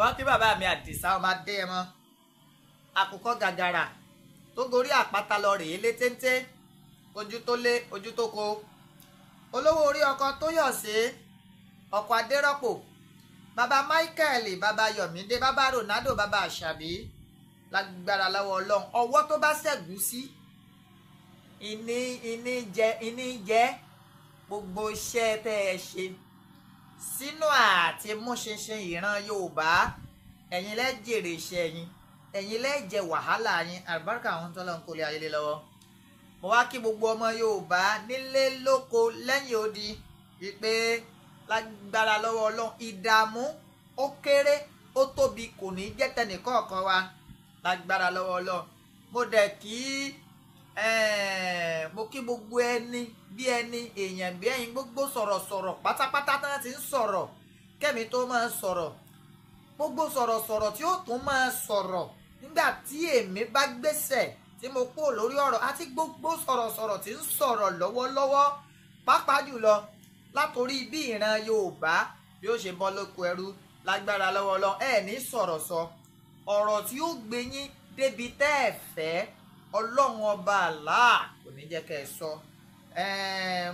wọ́n kí bàbá mi àdìsá ọmọ adé ẹ mọ́ àkùkọ gàgàrà tó gorí àpáta lọ rèé létéńté ojú tó lé ojú tó ko olówó orí ọkọ tó yọ̀ sí ọkọ̀ adérọ́pò bàbá Michael bàbá Yọ̀mídé bàbá Ronaldo bàbá àṣàbí lágbára lọ́wọ́ ọlọ́run ọwọ́ tó bá ṣẹ̀gùn sí ìní ìní jẹ ìní jẹ gbogbo iṣẹ́ tẹ́ ẹ ṣe sínú àti múṣinṣin ìran yorùbá ẹ̀yin lẹ́ jèrè iṣẹ́ yín ẹ̀yin lẹ́ jẹ wàhálà yín àlùbáríkà àwọn tó lọ́n kólé ayélé lọ́wọ́ mo wá kí gbogbo ọmọ yorùbá nílé lóko lẹ́yìn odi wípé lágbára lọ́wọ́ ọlọ́run ìdààmú ó kéré ó tóbi kò ní jẹ́ tẹnìkọ̀ọ̀kan wa lágbára lọ́wọ́ ọlọ́run mo dẹ̀ kí mo kí gbogbo ẹni bí ẹni èèyàn bí ẹyin gbogbo sọ̀rọ̀sọ̀rọ̀ pátápátá tí wọ́n ti ń sọ̀rọ̀ kẹ́mi tó máa sọ̀rọ̀ gbogbo sọ̀rọ̀sọ̀rọ̀ tí ó tún máa sọ̀rọ̀ nígbà tí èmi bá gbèsè tí mo kú lórí ọ̀rọ̀ àti gbogbo sọ̀rọ̀sọ̀rọ̀ tí ń sọ̀rọ̀ lọ́wọ́lọ́wọ́ pàápàá jùlọ látòrí bí ìran Yorùbá bí ó ṣe bọ́ lóko ẹrú lágbára lọ́wọ́lọ́ ẹ̀ ní sọ̀rọ̀ ọ̀rọ̀ tí ó gbé yín débi tẹ́ ẹ̀ fẹ́ ọlọ́run ọba àlá kò ní jẹ́ kẹ́ ẹ sọ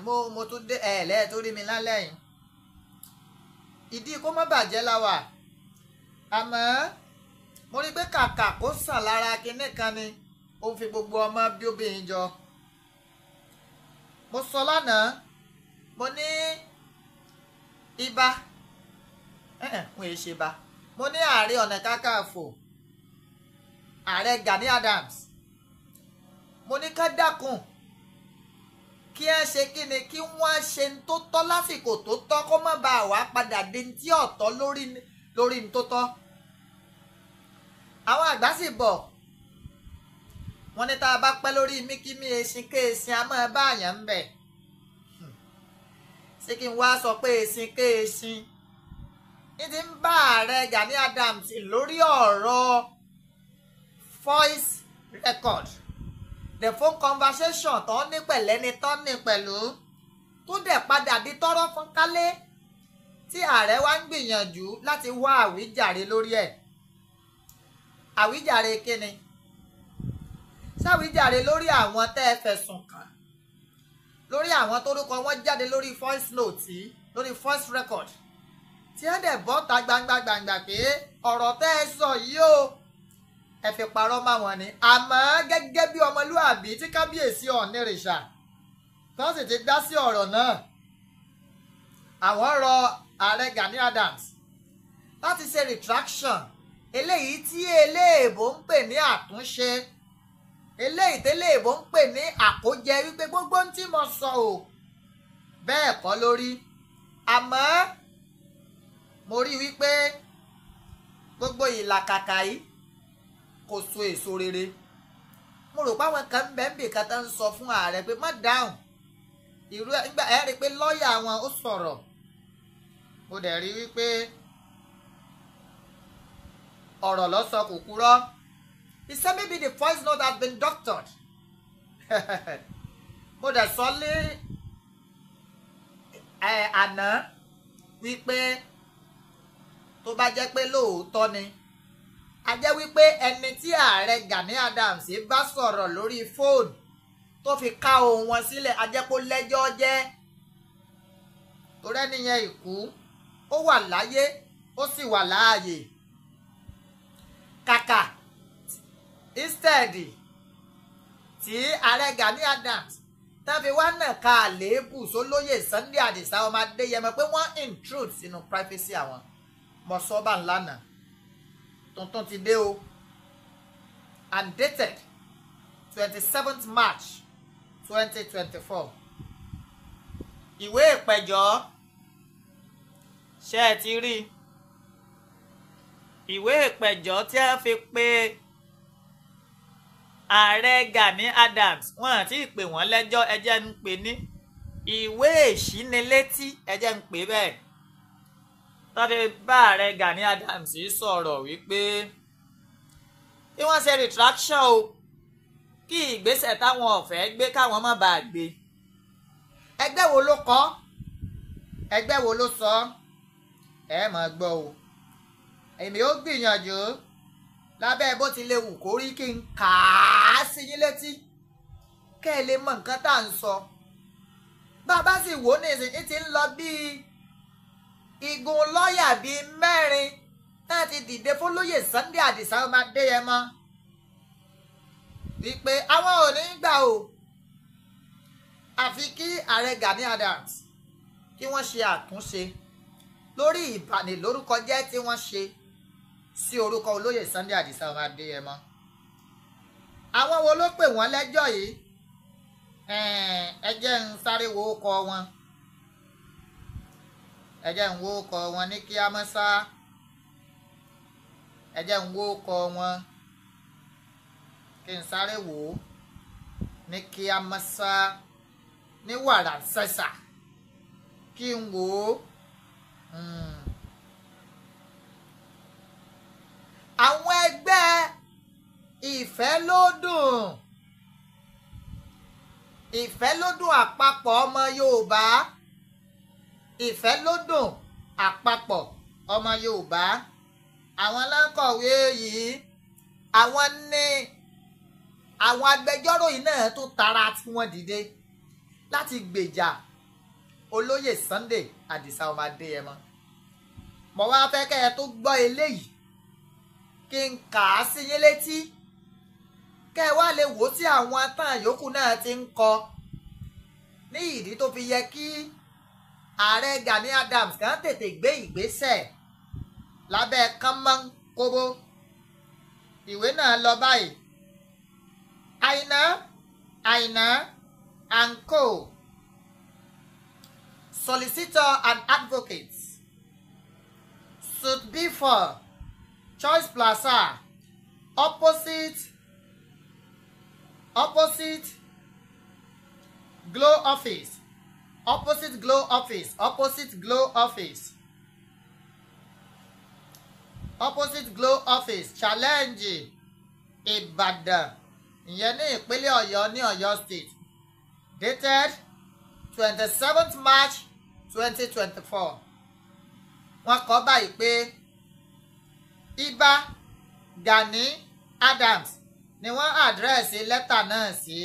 mo mo tún dé ẹ lẹ́ẹ̀ tó rí mi lálẹ́ yìí ìdí kó má bàjẹ́ la wà àmọ́ mo rí i pé kàkà kó sàn lára kinní kan ni ó fi gbogbo ọmọ bí obìnrin jọ mo sọ lánàá mo ní ibà n ò ṣe ibà mo ní ààrẹ ọ̀nà kakanfò ààrẹ Gani Adams mo ní ká dákun kí ẹ ṣe kí ni kí wọ́n ṣe ń tó tọ́ lásìkò tó tọ́ kó má bàa wá padà di ní tí ọ̀tọ́ lórí lórí ní tó tọ́ àwọn àgbà sì bọ̀ wọ́n ní tá a bá pẹ́ lórí míkímí esin kéèsìn a máa bá àyàn ń bẹ̀ ṣé kí n wá sọ pé esin kéèsìn ní ti ń bá ààrẹ Gani Adams lórí ọ̀rọ̀ voice record the phone conversation tó ní pẹ̀lẹ́ ni tó ní pẹ̀lú tó dẹ̀ padà di tọ́rọ́ fún kálé tí ààrẹ wa ń gbìyànjú láti wá àwíjàre lórí ẹ̀ àwíjàre kíni sáwíjàre lórí àwọn tẹ́ ẹ fẹ̀sùn kàn lórí àwọn tórúkọ wọn jáde lórí first note lórí first record tí ẹ dẹ̀ bọ́ta gbangba gbangba pé ọ̀rọ̀ tẹ́ ẹ sọ yìí o ẹ fi parọ́ mọ́ wọn ni àmọ́ gẹ́gẹ́ bí ọmọlúàbí tí kábíyèsí ọ̀nìrìṣà tán sì ti dá sí ọ̀rọ̀ náà àwọn rọ ààrẹ Gani Adams láti ṣe retraction eléyìí tí eléèbó ń pè ní àtúnṣe eléyìí téléèbó ń pè ní àkójẹ wípé gbogbo ń tí mo sọ o bẹ́ẹ̀ kọ́ lórí àmọ́ mo rí wípé gbogbo ìlàkàkà yìí kó so èso rere mo rò pé àwọn kan bẹ́ẹ̀ bì kan tó ń sọ fún ààrẹ pé má dáhùn irú ẹ nígbà ẹ rí i pé lọ́ọ̀yà wọn ó sọ̀rọ̀ mo dẹ̀ rí wípé ọ̀rọ̀ ló sọ kò kúrọ́ he said maybe the voice note has been doctored mo dẹ̀ sọ lé àná wípé tó bá jẹ́ pé lóòótọ́ ni a jẹ́ wípé ẹni tí ààrẹ Gani Adams bá sọ̀rọ̀ lórí fóònù tó fi ká ohun wọn sílẹ̀ a jẹ́ kó lẹ́jọ́ jẹ́ torí ẹnìyẹn ìkú ó wà láyé ó sì wà láàyè kàkà instead tí ààrẹ Gani Adams tàbí wá náà ka àléébù sólóyè Sunday Adisa ọmọ Adéyẹmọ pé wọ́n intrude sínú privacy àwọn mọ̀sọ́bà ńlá náà tuntun ti dé o and dated twenty seventh march twenty twenty four ìwé ìpẹ̀jọ́ ṣe é ti rí ìwé ìpẹ̀jọ́ tí a fi pe ààrẹ Gani Adams wọn àti ìpè wọn lẹ́jọ́ ẹjẹ́ ń pè ní ìwé ìṣínilétí ẹjẹ́ ń pè bẹ́ẹ̀ tọ́fi bá Gani Adams sọ̀rọ̀ wípé kí wọ́n ṣe retraction o kí ìgbésẹ̀ táwọn ọ̀fẹ́ gbé káwọn má bàa gbé ẹgbẹ́ wo ló kọ́ ẹgbẹ́ wo ló sọ ẹ máa gbọ́ o èmi ó gbìyànjú lábẹ́ bó ti lè wù kó rí kí n kà á sí yín létí kẹ́ ẹ lè mọ nǹkan tá à ń sọ bá a bá sì wò ó ní ìsìn ti ń lọ bíi igun lọ́ọ̀yà bíi mẹ́rin náà ti dìde fólóyè Sunday Àdìsá ọmọ Adéyẹmọ wípé àwọn ò ní gbà o àfi kí ààrẹ Gani Adams kí wọ́n ṣe àtúnṣe lórí ìbànilórúkọ jẹ́ tí wọ́n ṣe sí orúkọ olóyè Sunday Àdìsá ọmọ Adéyẹmọ àwọn wo ló pè wọ́n lẹ́jọ́ yìí ẹ jẹ́ ń sáré wo ọkọ wọn ẹ jẹ́ ń wó kọ wọn ní kí á mọ́ sá ẹ jẹ́ ń wó kọ wọn kí n sáré wò ó ní kí á mọ́ sá ní wàrà sẹ́sà kí n wò ó. Hmm. àwọn ẹgbẹ́ ìfẹ́ ló dùn ìfẹ́ ló ọmọ Yorùbá ìfẹ́ ló dùn àpapọ̀ ọmọ Yorùbá àwọn láńkọ̀wé yìí àwọn ní àwọn agbẹjọ́rò yìí náà tó tara tí wọ́n dìde láti gbèjà olóyè Sunday Àdìsá ọmọ Adéyẹmọ mo wá fẹ́ kẹ́ ẹ tó gbọ́ eléyìí kí n kà á sí yín létí kẹ́ ẹ wá lè wò ó tí àwọn atán yòókù náà ti ń kọ ní ìdí tó fi yẹ kí ààrẹ Gani Adams kàn tètè gbé ìgbésẹ̀ lábẹ́ kánmọ́n kóbó ìwé náà lọ báyìí Àìná Àìná and co solicitor and advocates should be for Choice Plaza opposite opposite Glow office opposite glow office opposite glow office opposite glow office challenge Ìbàdàn ìyẹn ní ìpínlẹ̀ Ọ̀yọ́ ní Ọ̀yọ́ state dated twenty seventh March twenty twenty four wọ́n kọ báyìí pé Ìbà Gani Adams ni wọ́n àdírẹ́sì lẹ́tà náà sí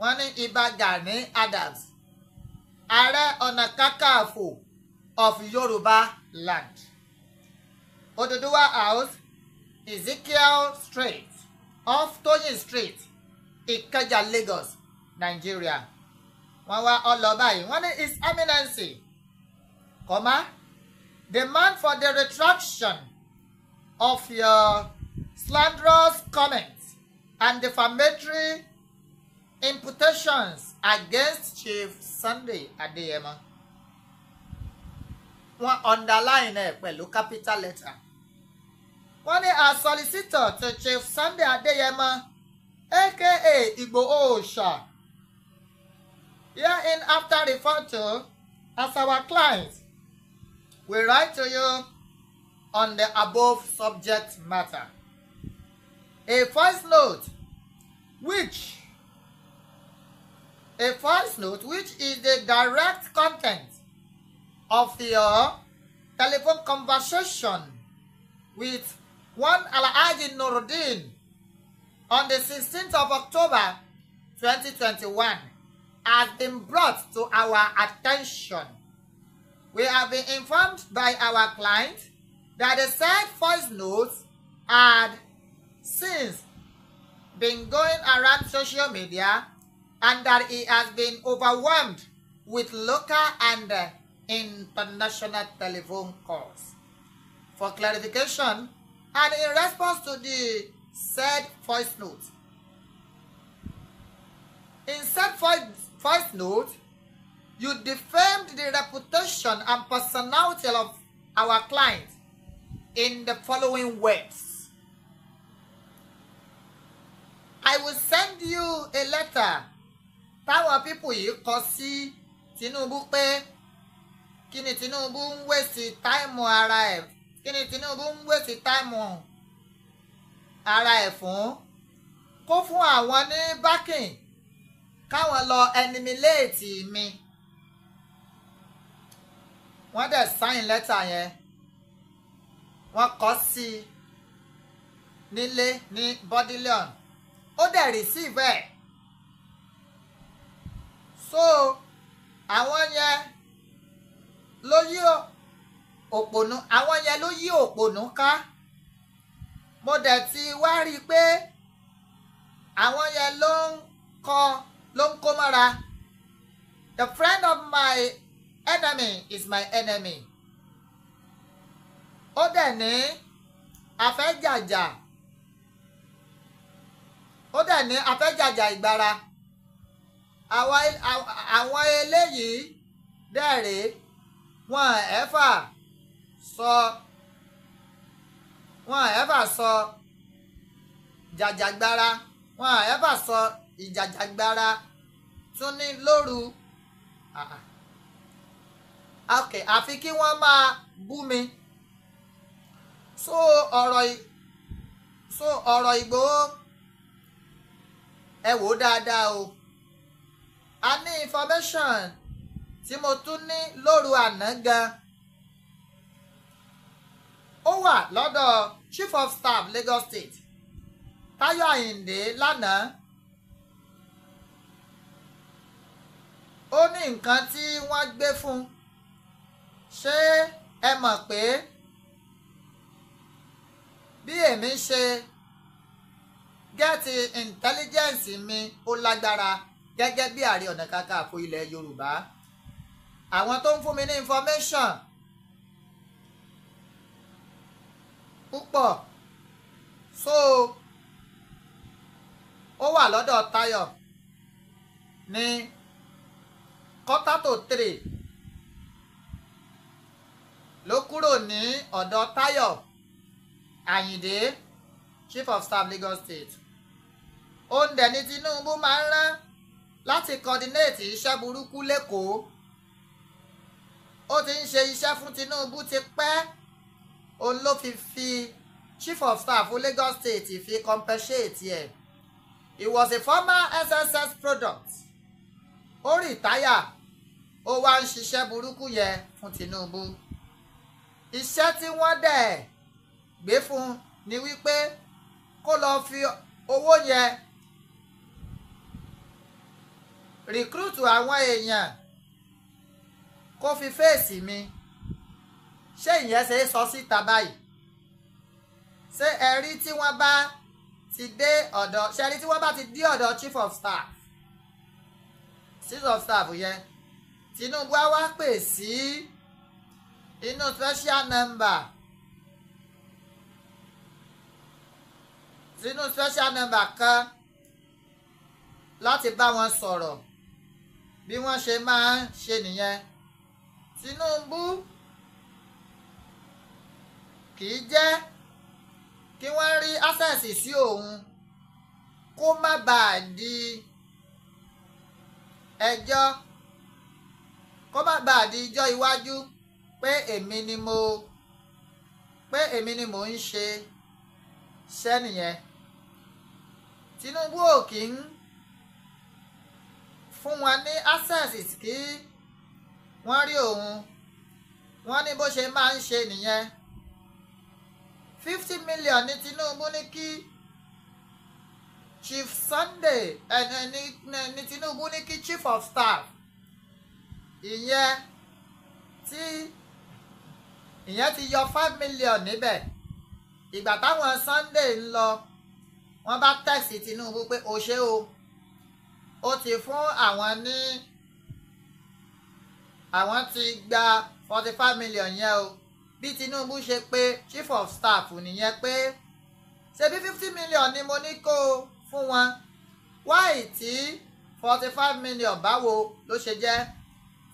wọ́n ní Ìbà Gani Adams ààrẹ ọ̀nà kakanfò of yorùbá land oduduwa house ezekiel street off toyin street ìkẹjà lagos nigeria wọ́n wá ọlọ báyìí wọ́n ní his eminency comma demand for the retraction of your slanderous comments and defamatory imputations against Chief Sunday Adeyemo wọ́n underline ẹ̀ pẹ̀lú capital letter wọ́n ní as solicitor to Chief Sunday Adeyemo aka Igboho Oosa herein after referred to as our client we write to you on the above subject matter a first note which a false note which is the direct content of your telephone conversation with one Alhaji Nuruddin on the 16th of October 2021 has been brought to our attention. We have been informed by our client that the said voice notes had since been going around social media and that he has been overwhelmed with local and uh, international telephone calls. For clarification, and in response to the said voice note, in said voice, voice note, you defamed the reputation and personality of our client in the following words. I will send you a letter táwọn pípù yìí kọ sí Tinubu pé kí ni Tinubu ń wèsì táìmù ara ẹ̀ kí ni Tinubu ń wèsì táìmù ara ẹ̀ fún kó fún àwọn ní bákìn káwọn lọ ẹnimiléètì mi wọ́n dẹ̀ sáyìn lẹ́tà yẹn wọ́n kọ sí i nílé ní bọ́dílíọ̀n ó dẹ̀ rìsíìfù ẹ̀ so àwọn yẹn ló yí òpònú àwọn yẹn ló yí òpònú ká mo dẹ̀ ti wá rí i pé àwọn yẹn ló ń kọ ló ń kó mọ́ra the friend of my enemy is my enemy ó dẹ̀ ní afẹ́jàjà ó dẹ̀ ní afẹ́jàjà ìgbára àwọn eléyìí dẹ̀rẹ̀ wọn ẹ̀fà sọ wọn ẹ̀fà sọ jàjàgbara wọn ẹ̀fà sọ ìjàjàgbara tún ní lóru ah, ah. ok àfi kí wọ́n máa bú mi so ọ̀rọ̀ Ìgbòho ẹ wò dáadáa o a ní information tí mo tún ní lóru àná gan ó wà lọ́dọ̀ chief of staff Lagos State Táyọ̀ Àyìndé lánàá ó ní nǹkan tí wọ́n gbé fún ṣé ẹ mọ̀ pé bí èmi ṣe gẹ́ẹ̀tì intelligence mi ó lágbára gẹ́gẹ́ bí ààrẹ ọ̀nà kakanfò ilẹ̀ yorùbá àwọn tó ń fún mi ní information ń pọ̀ so ó wà lọ́dọ̀ Táyọ̀ ní quarter to three ló kúrò ní ọ̀dọ̀ Táyọ̀ Àyìndé chief of staff Lagos state ó ń dẹ̀ ní Tinubu máa ń rán láti coordinate iṣẹ́ burúkú lẹ́kọ̀ọ́ ó ti ń ṣe iṣẹ́ fún Tinubu ti pẹ́ òun ló fi fi chief of staff fún Lagos State fi compensate ẹ̀ he was a former SSS product ó rìtáyà ó wá ń ṣiṣẹ́ burúkú yẹn fún Tinubu iṣẹ́ tí wọ́n dẹ̀ gbé fún ni wípé kó lọ́ọ́ fi owó yẹn rìkúrútù àwọn èèyàn kó fi fèsì mi ṣé ìyẹn ṣe é sọ síta báyìí ṣé ẹ̀rí tí wọ́n bá ti dé ọ̀dọ̀ ṣé ẹ̀rí tí wọ́n bá ti dé ọ̀dọ̀ chief of staff chief of staff yẹn Tinubu á wá pè sí inú special number sínú special number kan láti bá wọn sọ̀rọ̀ bí wọ́n ṣe máa ń ṣe nìyẹn Tinubu kì í jẹ́ kí wọ́n rí ásẹ̀sì sí òun kó má bàa di ẹjọ́ kó má bàa di ijọ́ iwájú pé èmi ni mo pé èmi ni mò ń ṣe sẹ́nìyẹn Tinubu ò kì í fún wọn ní access kí wọ́n rí òun wọ́n ní bó ṣe máa ń ṣe nìyẹn fifty million ní Tinubu ní kí Chief Sunday ẹni ní Tinubu ní kí Chief of Staff ìyẹn tí ìyẹn ti yọ five million níbẹ̀ ìgbà táwọn Sunday ń lọ wọ́n bá tẹ̀sí Tinubu pé o ṣé o ó ti fún àwọn ní àwọn ti gba forty five million yẹn o bí Tinubu ṣe pé chief of staff nìyẹn pé ṣebí fifty million ni mo ní kó o fún wọn wáì tí forty five million báwo ló ṣe jẹ́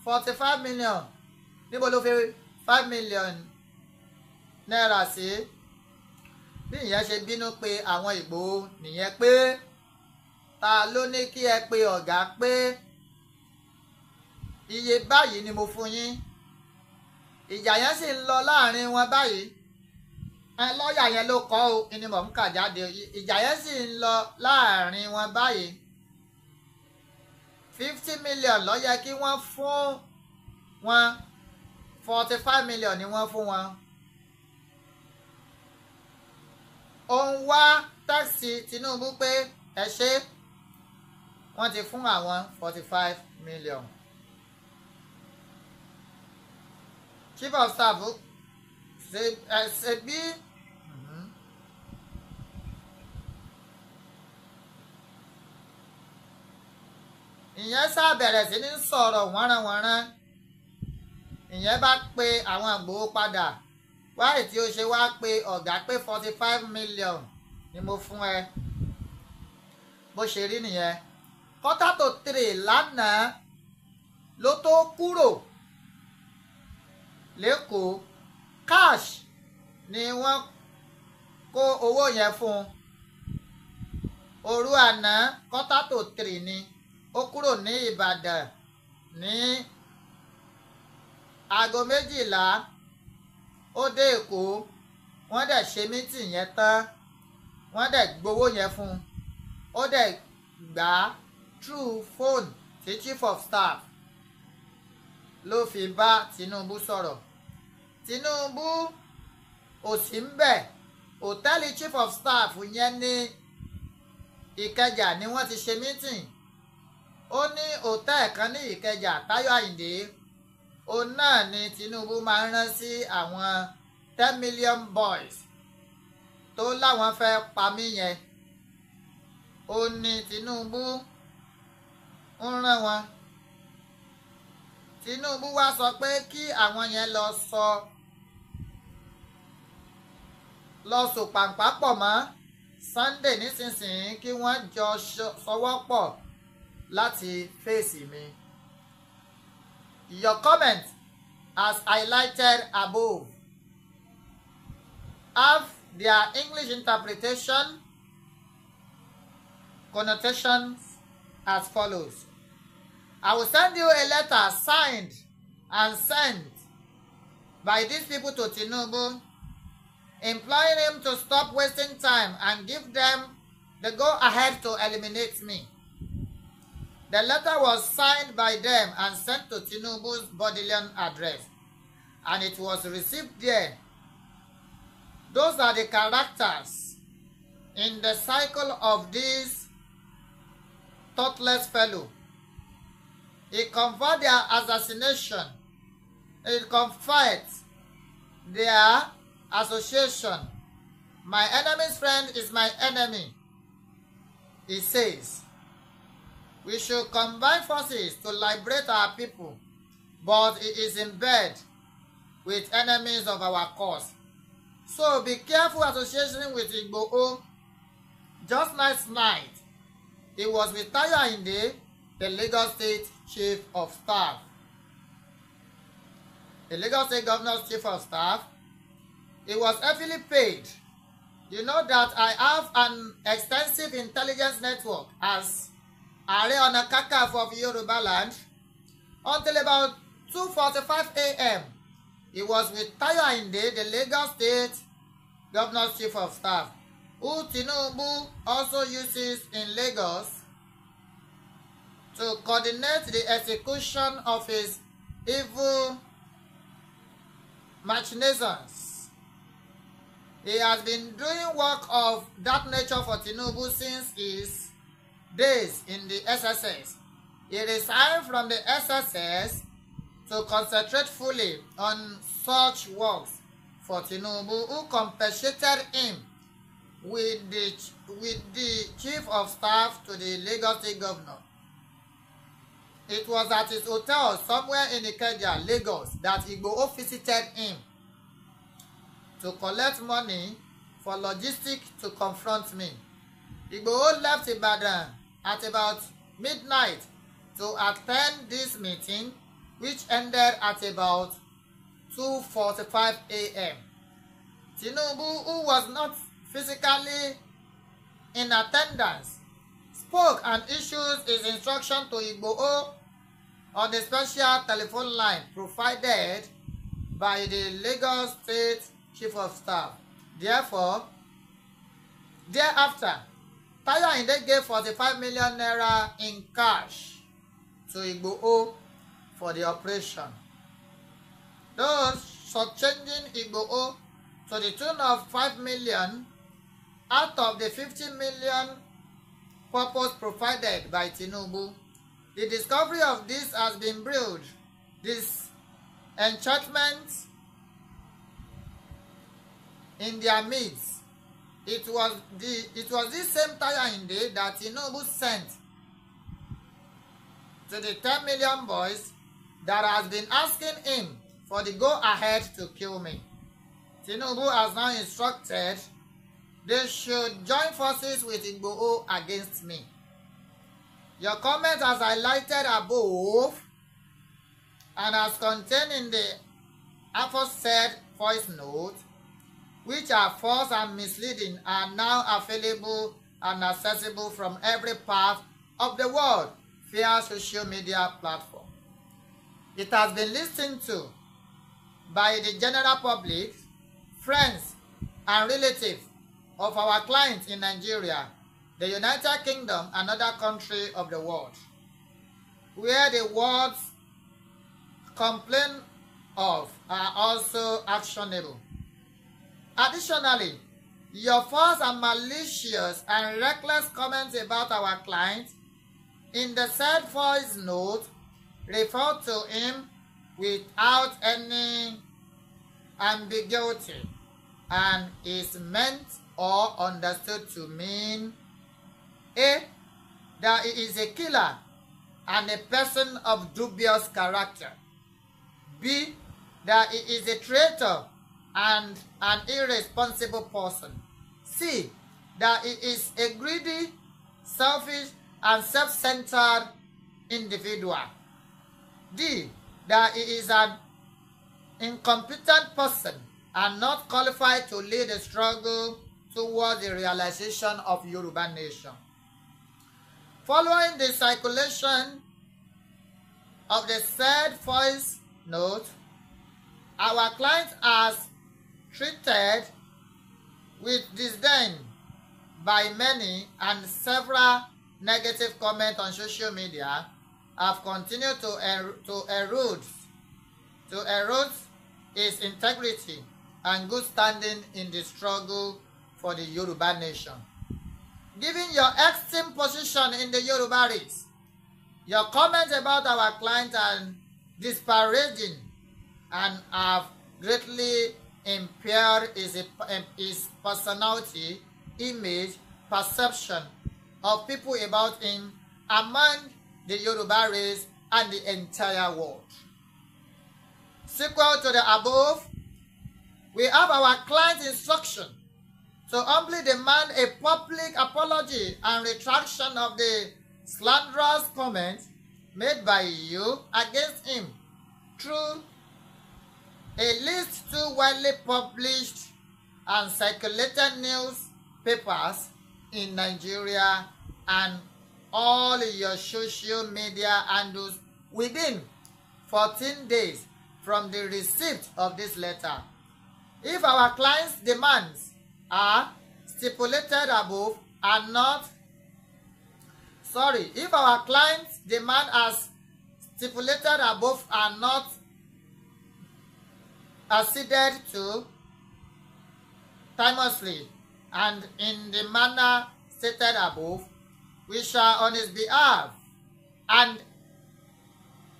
forty five million níbo ló fi five million náírà sí bí ìyẹn ṣe bínú pé àwọn Ìgbòho nìyẹn pé ta ló ní kí ẹ pe ọ̀gá pé iye báyìí ni mo fún yín ìjà yẹn sì ń lọ láàrin wọn báyìí lọ́ọ̀yà yẹn ló kọ́ o ni mò ń kà jáde ìjà yẹn sì ń lọ láàrin wọn báyìí fifty million ló yẹ kí wọ́n fún wọn forty five million ni wọ́n fún wọn. ó ń wá táksì Tinubu pé ẹ ṣe é wọ́n ti fún àwọn forty five million. chief of staff ṣe ẹ ṣe bí. Mhm. ìyẹn sá bẹ̀rẹ̀ sí ní sọ̀rọ̀ wọ́nranwọ́nran ìyẹn bá pe àwọn Ìgbòho padà wáyé tí ó ṣe wá pé ọ̀gá pé forty five million ni mo fún ẹ bó ṣe rí nìyẹn kọ́tàtòtèrè lánàá ló tó kúrò lẹ́kọ̀ọ́ cash ni wọ́n kó owó yẹn fún òru àná kọ́tàtòtèrè ni ó kúrò ní Ìbàdàn ní aago méjìlá ó dé Èkó wọ́n dẹ̀ ṣe mítì yẹn tán wọ́n dẹ̀ gbowó yẹn fún un ó dẹ̀ gbà á through phone tí chief of staff ló fi bá Tinubu sọ̀rọ̀ Tinubu ò sí ń bẹ̀ òtẹ́ẹ̀lì chief of staff yẹn ní Ìkẹjà ni wọ́n ti ṣe mítìn ó ní òtẹ́ẹ̀ kan ní Ìkẹjà Táyọ̀ Àyìndé òun náà ni Tinubu máa ń rán sí àwọn ten million boys tó láwọn fẹ́ pa mí yẹn ó ní Tinubu ń rán wọn Tinubu wá sọ pé kí àwọn yẹn lọ sọ lọ sọ pàǹpá pọ̀ mọ́ Sunday nísinsìnyí kí wọ́n jọ sọwọ́ pọ̀ láti fèsì mi. Your comment as highlighted above have their English interpretation connotations as follows. I will send you a letter signed and sent by these people to Tinubu, imploring him to stop wasting time and give them the go-ahead to eliminate me. The letter was signed by them and sent to Tinubu's Bodilian address, and it was received there. Those are the characters in the cycle of this thoughtless fellow He confirmed their assassination. He confirmed their association. My enemy's friend is my enemy. He says, we should combine forces to liberate our people, but it is in bed with enemies of our cause. So be careful associating with Igbo. Just last night, he was with Tayo Inde, the Lagos State Chief of Staff. The Lagos State Governor's Chief of Staff, he was heavily paid. You know that I have an extensive intelligence network as Ààrẹ Ọ̀nà Kakanfò of Yoruba land. Until about 2.45 a.m., he was with Tayo Ayinde, the Lagos State Governor's Chief of Staff, who Tinubu also uses in Lagos to coordinate the execution of his evil machinations. He has been doing work of that nature for Tinubu since his days in the SSS. He resigned from the SSS to concentrate fully on such works for Tinubu, who compensated him with the, with the chief of staff to the Lagos State governor. It was at his hotel somewhere in Ikeja, Lagos, that Igboho visited him to collect money for logistics to confront me. Igboho left Ibadan at about midnight to attend this meeting, which ended at about 2.45 a.m. Tinubu, who was not physically in attendance, spoke and issued his instruction to Igboho on a special telephone line provided by the Lagos State Chief of Staff. Therefore, thereafter, Tayo Ayinde gave 45 million naira in cash to Igboho for the operation. Thus, shortchanging Igboho to the tune of 5 million out of the 50 million purpose provided by Tinubu. The discovery of this has been brewed. This enchantment in their midst. It was the it was this same Tayahinde that Inobu sent to the 10 million boys that has been asking him for the go-ahead to kill me. Tinubu has now instructed they should join forces with Igboho against me. Your comments as highlighted above and as contained in the aforesaid voice note, which are false and misleading, are now available and accessible from every part of the world via social media platform. It has been listened to by the general public, friends, and relatives of our clients in Nigeria the United Kingdom, another country of the world, where the words complained of are also actionable. Additionally, your false and malicious and reckless comments about our client in the said voice note refer to him without any ambiguity and is meant or understood to mean a. That he is a killer and a person of dubious character. B. That he is a traitor and an irresponsible person. C. That he is a greedy, selfish, and self-centered individual. D. That he is an incompetent person and not qualified to lead a struggle towards the realization of Yoruba nation. Following the circulation of the said voice note, our client has treated with disdain by many and several negative comments on social media have continued to, er to erode to erode his integrity and good standing in the struggle for the Yoruba nation. Given your extreme position in the Yoruba race, your comments about our client are disparaging and have greatly impaired his, his personality, image, perception of people about him among the Yoruba race and the entire world. Sequel to the above, we have our client's instruction to humbly demand a public apology and retraction of the slanderous comments made by you against him through a list two widely published and circulated newspapers in Nigeria and all your social media handles within 14 days from the receipt of this letter. If our client's demands are stipulated above are not sorry if our client's demand as stipulated above are not acceded to timelessly and in the manner stated above we shall on his behalf and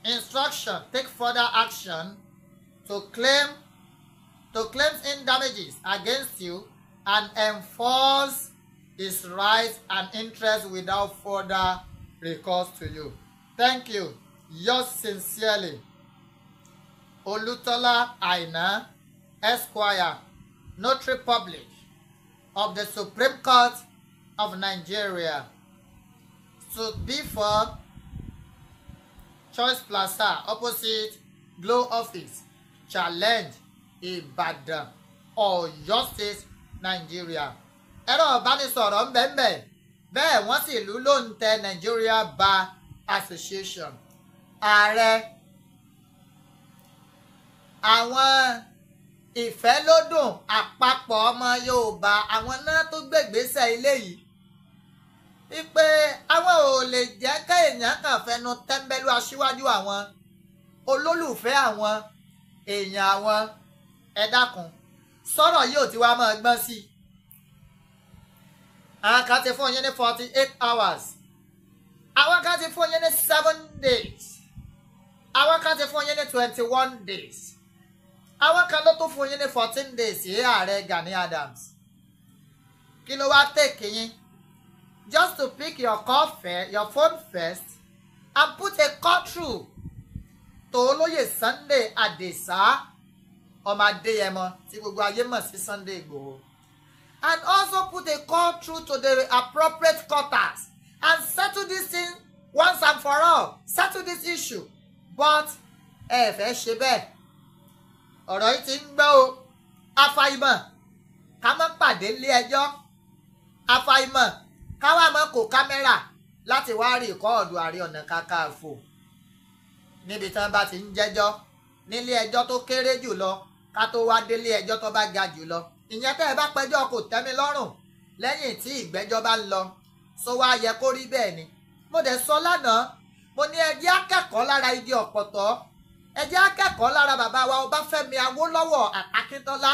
instruction take further action to claim to claim in damages against you and enforce his rights and interests without further recourse to you. Thank you. Yours sincerely, Olutola Aina, Esquire, Notary Public of the Supreme Court of Nigeria, to be for Choice Plaza opposite Glow Office, Challenge, Ibadan, Oyo justice nàìjíríà ẹ̀rọ ìbánisọ̀rọ̀ ń bẹ́ẹ̀ bẹ́ẹ̀ bẹ́ẹ̀ wọ́n sì lù ló ń tẹ Nigeria Bar Association ààrẹ àwọn ìfẹ́lódùn àpapọ̀ ọmọ Yorùbá àwọn náà tó gbègbèsè ilé yìí wípé àwọn ò lè jẹ́ kéèyàn kàn fẹnu tẹ́ńbẹ́lú aṣíwájú àwọn olólùfẹ́ àwọn èèyàn àwọn ẹ sọ̀rọ̀ yìí ò ti wá máa gbọ́n sí i àwọn kan ti fún yín ní forty eight hours àwọn kan ti fún yín ní seven days àwọn kan ti fún yín ní twenty one days àwọn kan ló tún fún yín ní fourteen days yìí eh, ààrẹ Gani Adams kí ló wá tèkì yín just to pick your call first your phone first and put a call through tó olóyè Sunday Adesa ọmọ adéyẹmọ tí gbogbo ayé mọ̀ sí sunday igbòho and also put a call through to the appropriate quarters and settle this thing once and for all settle this issue but ẹ fẹ́ ṣe bẹ́ẹ̀ ọ̀rọ̀ yìí ti ń gbẹ́ o àfàìmọ̀ ká má pàdé lé ẹjọ́ àfàìmọ̀ ká wá má kó kámẹ́rà láti wá rí ìkọ́ọ̀dù Ààrẹ Ọ̀nà Kakanfò níbi tí wọ́n bá ti ń jẹ́jọ́ nílé ẹjọ́ tó kéré jù lọ ká tó wá délé ẹjọ́ tó bá ga jù lọ ìyẹn tẹ́ ẹ bá pẹjọ́ kò tẹ́mi lọ́rùn lẹ́yìn tí ìgbẹ́jọ́ bá ń lọ so wá yẹ kó rí bẹ́ẹ̀ ni mo dẹ̀ sọ lánàá mo ní ẹjẹ́ akẹ́kọ̀ọ́ lára igi ọ̀pọ̀tọ́ ẹjẹ́ akẹ́kọ̀ọ́ lára bàbá wa Ọbáfẹ́mi Awólọ́wọ̀ Akíntọ́lá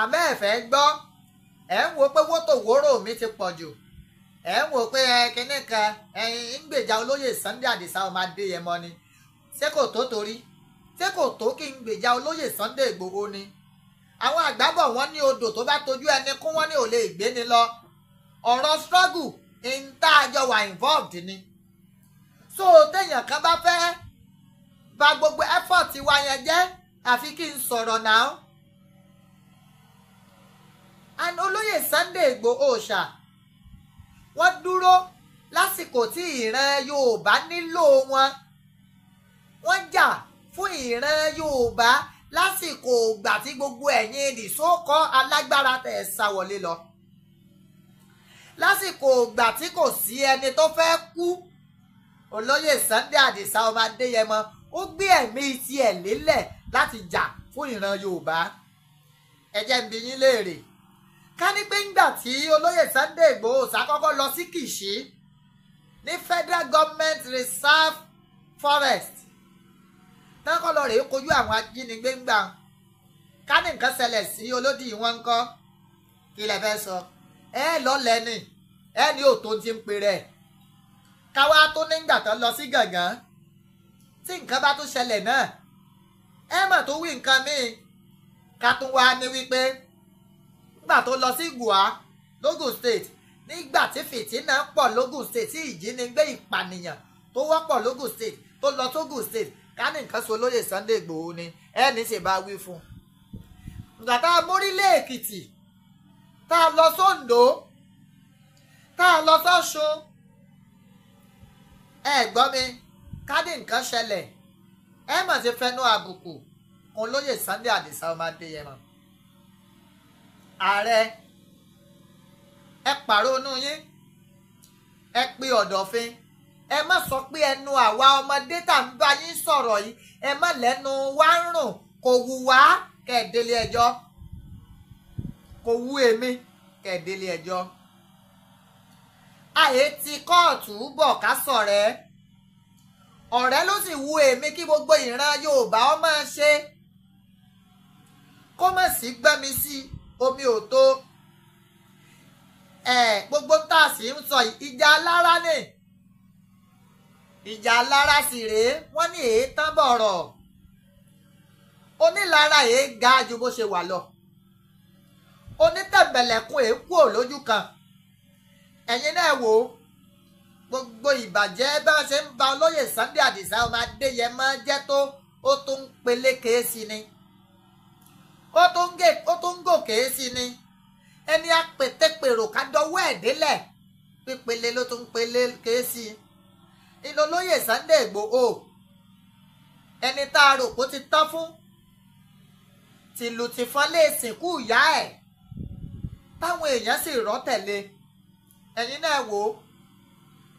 àmọ́ ẹ̀fẹ́ gbọ́ ẹ̀ ń wo pé wótòwóró mi ti pọ̀ jù ẹ̀ ń wo pé kinní kan ẹ̀yin ń gbèjà olóyè Sunday Àdìsá ọmọ adéyẹmọ ni ṣé kò tó torí ṣé kò tó kí n gbèjà olóyè Sunday Ìgbòho ni àwọn àgbàbọ̀ wọn ní odò tó bá tojú ẹni kún wọn ní ò lè gbé ni lọ ọ̀rọ̀ struggle in tá a jọ wà involved ni so téèyàn kan bá fẹ́ bà gbogbo effort wa yẹn jẹ́ àfi kí n sọ̀rọ̀ náà and olóyè Sunday Ìgbòho ṣá wọ́n dúró lásìkò tí ìran Yorùbá nílò wọn wọ́n jà fún ìran Yorùbá lásìkò ògbà tí gbogbo ẹ̀yin èdè sókọ́ alágbára tẹ̀ sá wọlé lọ lásìkò ògbà tí kò sí ẹni tó fẹ́ kú olóyè Sunday Àdìsá ọba Adéyẹmọ ó gbé ẹ̀mí tiẹ̀ lélẹ̀ láti jà fún ìran Yorùbá ẹ jẹ́ n bi yín léèrè ká ní pé ńgbà tí olóyè Sunday Ìgbòho ṣàkọ́kọ́ lọ sí Kìṣí ní Federal Government Reserve Forest táwọn lọ kojú àwọn ajínigbé ń gbà ká ní nǹkan ṣẹlẹ̀ sí olódì wọn ń kọ́ kí lẹ fẹ́ sọ ẹ lọ́lẹ̀ ni ẹ ní òtó ti ń pèrè káwá tó nígbà tán lọ sí gàngán tí nǹkan bá tún ṣẹlẹ̀ náà ẹ mọ̀ tó wí nǹkan míì ká tún wá ní wípé nígbà tó lọ sí Gùá lógùn state nígbà tí fìtínà pọ̀ lógùn state tí ìjínigbé ìpànìyàn tó wọ́pọ̀ lógùn state tó lọ sógùn state ká ní nǹkan so olóyè Sunday Igboho ni ẹni sì bá wí fún un ìgbà mórílẹ̀ Èkìtì tá a lọ sóńdó tá a lọ sọ́ṣun ẹ gbọ́ mi ká ní nǹkan ṣẹlẹ̀ ẹ mà ti fẹnu àbùkù kan Sunday Àdìsá ọmọ Adéyẹmọ ààrẹ ẹ ẹ má sọ pé ẹnu àwa ọmọdé tá ń bá yín sọ̀rọ̀ yìí ẹ má lẹ́nu wá ń rùn kò wù wá kẹ̀délé ẹjọ́ kò wù èmi kẹ̀délé ẹjọ́ àyè ti kóòtù bọ̀ ká sọ̀rẹ́ ọ̀rẹ́ ló sì wù èmi kí gbogbo ìran Yorùbá ọ máa ṣe kó má sí gbẹ́mi sí omi ò tó gbogbo tá a sì ń sọ ìjà alára nìyí ìjà alára sì rèé wọ́n ní èé tán bọ̀rọ̀ onílara èé ga ju bó ṣe wà lọ onítẹ̀bẹ̀lẹ̀kùn èé kúò lójú kan ẹ̀yin náà wò ó gbogbo ìbàjẹ́ bá ṣe ń ba olóyè Sunday Àdìsá ọmọ Adéyẹmọ jẹ́ tó ó tó ń peléke sí ni ó tó ń gòkè sí ni ẹni apètèpèrò ká dọwọ́ ẹ̀ délẹ̀ pípele ló tó ń peléke sí ìlólóyè Sunday Igboho ẹni tá a rò pó ti tán fún tìlù tìfọn lè sìnkú ìyá ẹ̀ táwọn èèyàn sì rọ́ tẹ̀lé ẹ̀yin náà wò ó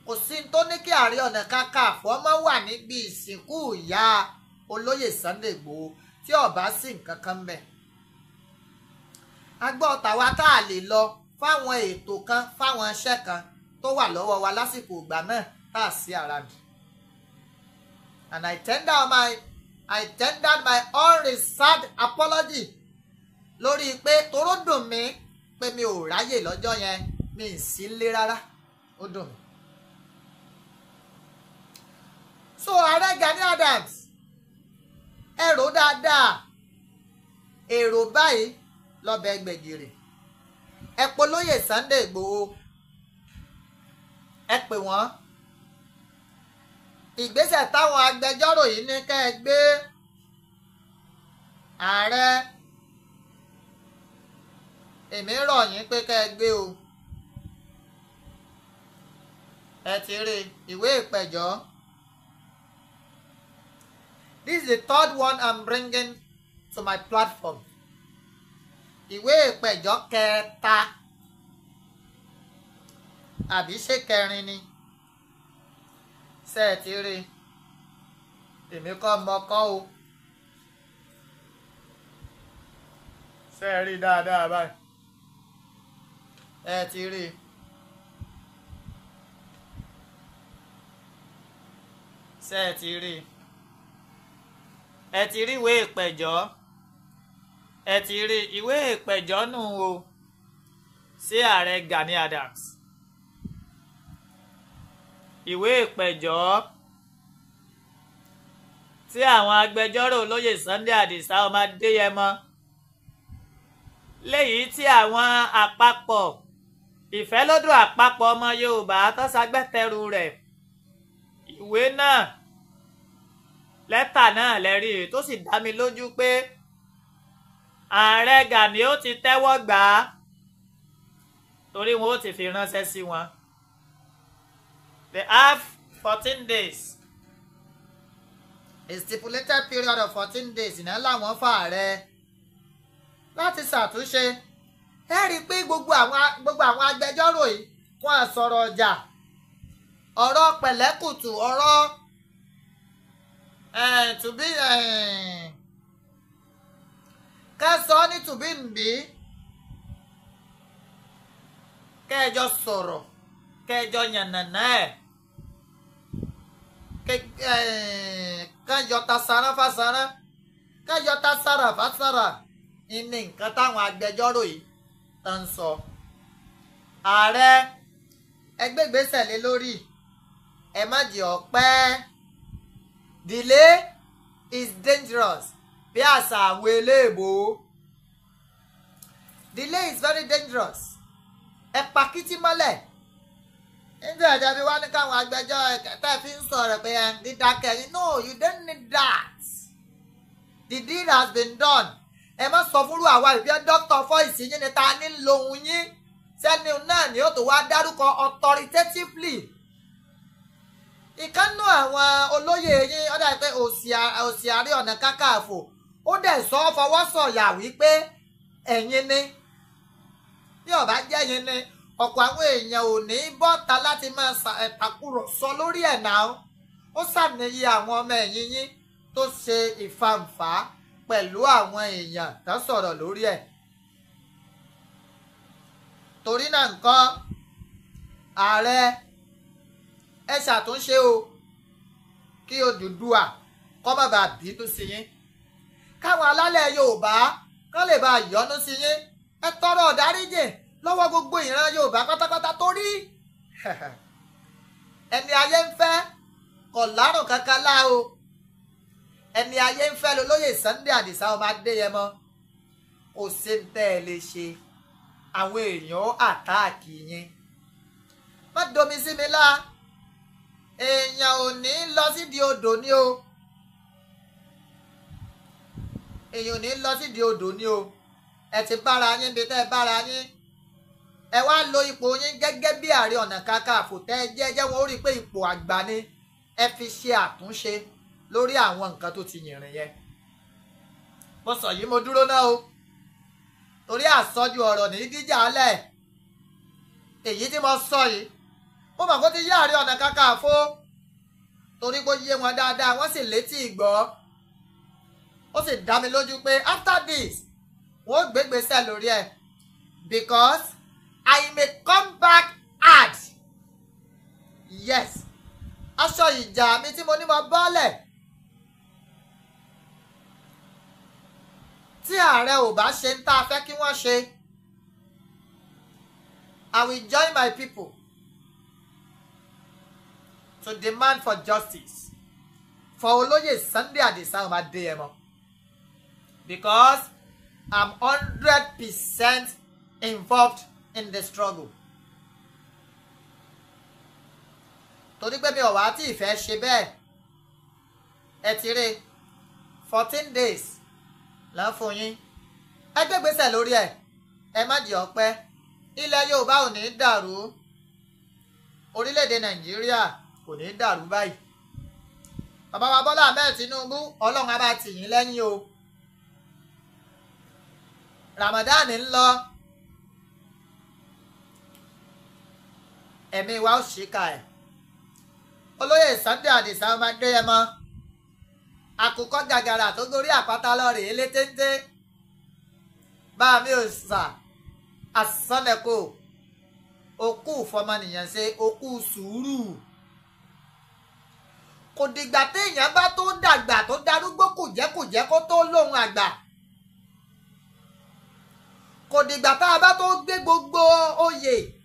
kò sí ní tó ní kí Ààrẹ Ọ̀nà Kakanfò ọmọ wà níbi ìsìnkú ìyá olóyè Sunday Igboho tí ọba sì nǹkan kan mbẹ agbọ́ tàwa tá a lè lọ fáwọn ètò kan fáwọn iṣẹ́ kan tó wà lọ́wọ́ wa lásìkò ìgbà náà That's Yarami. And I tender my I tendered my unreserved apology lórí pé toró dùn mí pé mi ò ráyè lọ́jọ́ yẹn mi ì sí lé rárá ó dùn mí. So ààrẹ Gani Adams ẹ rò dáadáa èrò báyìí lọ́bẹ̀ gbẹ̀gìrì ẹ polóyè Sunday Igboho ẹ pè wọ́n ìgbésẹ̀ táwọn agbẹjọ́rò yìí ní kẹ́ ẹ gbé ààrẹ èmi rọ̀ yín pé kẹ́ ẹ gbé o ẹ ti rí ìwé ìpẹ̀jọ́ this is the third one I'm bringing to my platform ìwé ìpẹ̀jọ́ kẹta àbí ṣé kẹrin ni ṣe é ti rí èmi kọ́ mọ kọ́ o ṣe é rí dáadáa báyìí ẹ ti rí ṣe é ti rí ẹ ti rí ìwé ìpẹ̀jọ́ ẹ ti rí ìwé ìpẹ̀jọ́ nù o sí ààrẹ Gani Adams ìwé ìpẹ̀jọ́ tí àwọn agbẹjọ́rò olóyè Sunday Adisa ọmọ Adéyẹmọ léyìí tí àwọn àpapọ̀ ìfẹ́lódùn àpapọ̀ ọmọ Yorùbá tó ṣagbẹ́tẹrù rẹ̀ ìwé náà lẹ́tà náà lẹ́rí tó sì dá mi lójú pé ààrẹ Gani ó ti tẹ́wọ́ gbà á torí wọn ó ti fi ránṣẹ́ sí wọn. Si They have 14 days. A stipulated period of 14 days iná làwọn fà rẹ láti ṣàtúnṣe ẹ rí i pé gbogbo àwọn gbogbo àwọn agbẹjọ́rò yìí wọn à sọ̀rọ̀ ọjà ọ̀rọ̀ pẹ̀lẹ́kùtù ọ̀rọ̀ tùbí kẹsàn-án ní tùbí nbí kẹjọ sọ̀rọ̀ kẹjọ yànnànà ẹ̀. kán yọta sára fására kán yọta sára fására ní nǹkan táwọn agbẹjọ́rò yìí tó ń sọ. ààrẹ ẹgbẹ́ ìgbésẹ̀ lé lórí ẹ má jẹ́ ọ̀pẹ́ delay is dangerous bí àṣà àwọn eléèbó delay is very dangerous ẹ pa kìtì mọ́lẹ̀ nígbà ìjọba wa ní káwọn agbẹjọ́ tẹ́ fi ń sọ̀rọ̀ pé dídákẹ́ yìí no you don't need that the deed has been done ẹ má sọ fúnrú àwa ìbí dókítà fọ́ìsì yín ni ta ní lòun yín sẹ́ni náà ni ó tó wá dárúkọ authoritatively ìkánú àwọn olóyè yín ó dàbí pé òsì àárẹ̀ ọ̀nà kákàfò ó dẹ̀ sọ fọwọ́ sọ̀yà wípé ẹ̀yin ni bí ọ̀bá jẹ́ yín ni ọ̀pọ̀ àwọn èèyàn ò ní bọ́ta láti máa ṣàkúrọ̀sọ lórí ẹ̀ náà ó ṣàníyí àwọn ọmọ ẹ̀yìn yín tó ṣe ìfàǹfà pẹ̀lú àwọn èèyàn tán sọ̀rọ̀ lórí ẹ̀ torí náà nǹkan ààrẹ ẹ ṣàtúnṣe o kí Odùduwà kọ́ má bàa bínú sí yín káwọn alálẹ̀ Yorùbá kán lè bá yọ́nú sí yín ẹ tọrọ ọ̀dáríjì lọ́wọ́ gbogbo ìran Yorùbá pátápátá torí ẹni ayé ń fẹ́ kọ̀ lárùn kankan lá o ẹni ayé ń fẹ́ lolóyè Sunday Àdìsá ọmọ Adéyẹmọ kò sí ń tẹ́ ẹ lè ṣe àwọn èèyàn àtáàkì yín má domi sí mi lá èèyàn ò ní lọ sídìí odò ni o èèyàn ò ní lọ sídìí odò ni o ẹ ti bára yín bí tẹ́ ẹ bára yín ẹ wá lo ipò yín gẹ́gẹ́ bí ààrẹ ọ̀nà kakanfò tẹ́ ẹ jẹ́ jẹ́ wọn ó rí i pé ipò àgbà ni ẹ fi ṣe àtúnṣe lórí àwọn nǹkan tó ti yìnrìn yẹn mo sọ yìí mo dúró náà o torí àsọjù ọ̀rọ̀ ní díjà alẹ́ èyí tí mo sọ yìí mo mọ̀ kó ti yá ààrẹ ọ̀nà kakanfò torí pé ó yé wọn dáadáa wọ́n sì létí ìgbọ́ ó sì dá mi lójú pé after this wọ́n ó gbégbèsè lórí ẹ̀ because I may come back hard yes aṣọ ìjà mi tí mo ní mo bọ́lẹ̀ tí ààrẹ ò bá ṣe ń tá a fẹ́ kí wọ́n ṣe I will join my people to demand for justice for olóyè Sunday Adisa Ọmọdéyẹmọ because I'm hundred percent involved in the struggle. torí pé mi ò wá tí ìfẹ́ ṣe bẹ́ẹ̀ ẹ ti rí fourteen days là ń fún yín ẹ gbé gbèsè lórí ẹ ẹ má jẹ́ ọpẹ́ ilẹ̀ Yorùbá ò ní dàrú orílẹ̀-èdè Nàìjíríà kò ní dàrú báyìí bàbá wa Bọ́lá Ahmed Tinubu Ọlọ́run á bá tì yín lẹ́yìn o Ramadan ń lọ. ẹ̀mí wa ó ṣìkà ẹ̀ olóyè Sunday Àdìsá ọmọ Adéyẹmọ àkùkọ gàgàrà tó gorí àpáta lọ rèé létéńté bá mi ò sà àsánlẹ̀kọ òkú fọmọnìyàn ṣe òkú sùúrù kò dìgbà téèyàn bá tó dàgbà tó darúgbó kùjẹ́kùjẹ́ kó tó lóhun àgbà kò dìgbà tá a bá tó gbé gbogbo oyè. Oh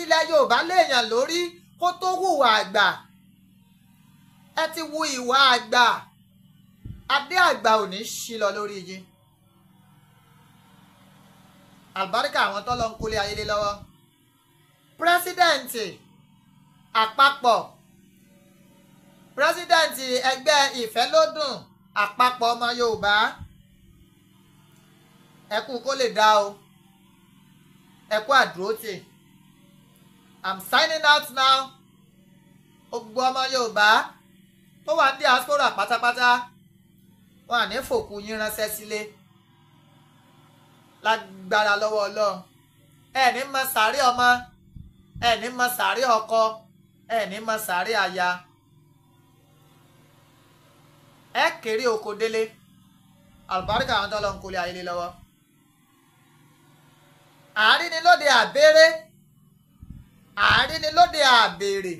ilẹ̀ Yorùbá léèyàn lórí kó tó hùwà àgbà ẹ ti wu ìwà àgbà adé àgbà ò ní ṣí lọ lórí yín àlùbáríkà àwọn tó lọ ń kólé ayélé lọ́wọ́ pírẹsidẹ́ǹtì àpapọ̀ pírẹsidẹ́ǹtì ẹgbẹ́ ìfẹ́lódùn àpapọ̀ ọmọ Yorùbá ẹkú kó lè dá o ẹkú àdúrótì. i'm signing out now gbogbo ọmọ yorùbá tó wà ndị asporo pátápátá wọn à ní fòkú yín ránṣẹ́ sílé lágbára lọ́wọ́ ọlọ́run ẹ̀ní mọ sàárẹ̀ ọmọ ẹ̀ní mọ sàárẹ̀ ọkọ ẹ̀ní mọ sàárẹ̀ aya ẹ kéré oko délé àlùbáríkà àwọn tó lọ ń kólé ayélé lọ́wọ́ àárín ni lóde àbẹ́rẹ́. àárínilóde àbèrè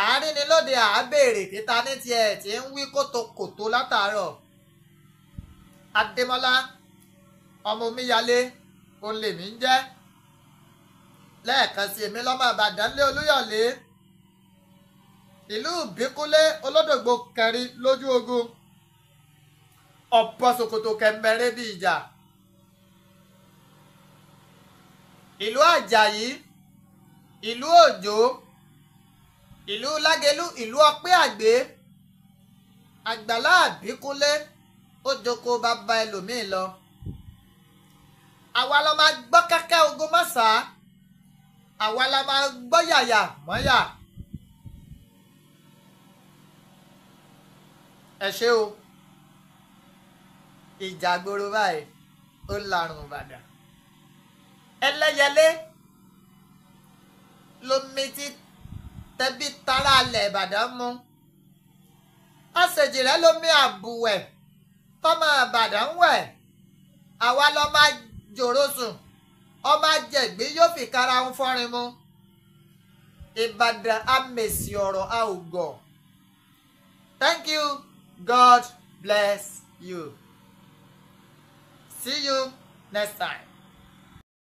àárínilóde àbèrè títa ní tiẹ̀ tí ń wí kótókòtó látàárọ̀ adémọ́lá ọmọ omíyalé òun lèmi ń jẹ́ lẹ́ẹ̀kan sí èmi lọ́mọ àbàdàn lé olúyọ̀lé ìlú ìbíkúlé olódògbò kẹrin lójú ogun ọ̀pọ̀ ṣòkòtò kẹmẹrẹ bíi ìjà ìlú àjàyí ìlú òjò ìlú lágelú ìlú ọpẹ́ àgbẹ̀ àgbàlá àbíkúnlé ó jókòó bàbá ẹlòmíì lọ àwa la máa gbọ́ kẹ́kẹ́ ogun mọ́sà àwa la máa gbọ́ yàyà mọ́yà ẹ ṣé o ìjà gbòòrò báyìí ó larùn Ìbàdàn ẹlẹ́yẹlé. Lomiti, tí tẹbí tará alẹ̀ ìbàdàn mu àṣejì rẹ̀ lomi àbùwẹ̀ tọ́mọ ìbàdàn wẹ̀ àwa lọ máa jòrò sùn ọmọ ajẹ̀gbí yóò fi kára ń fọ́rin mu ìbàdàn amèsì ọ̀rọ̀ a ò gọ̀ thank you God bless you see you next time.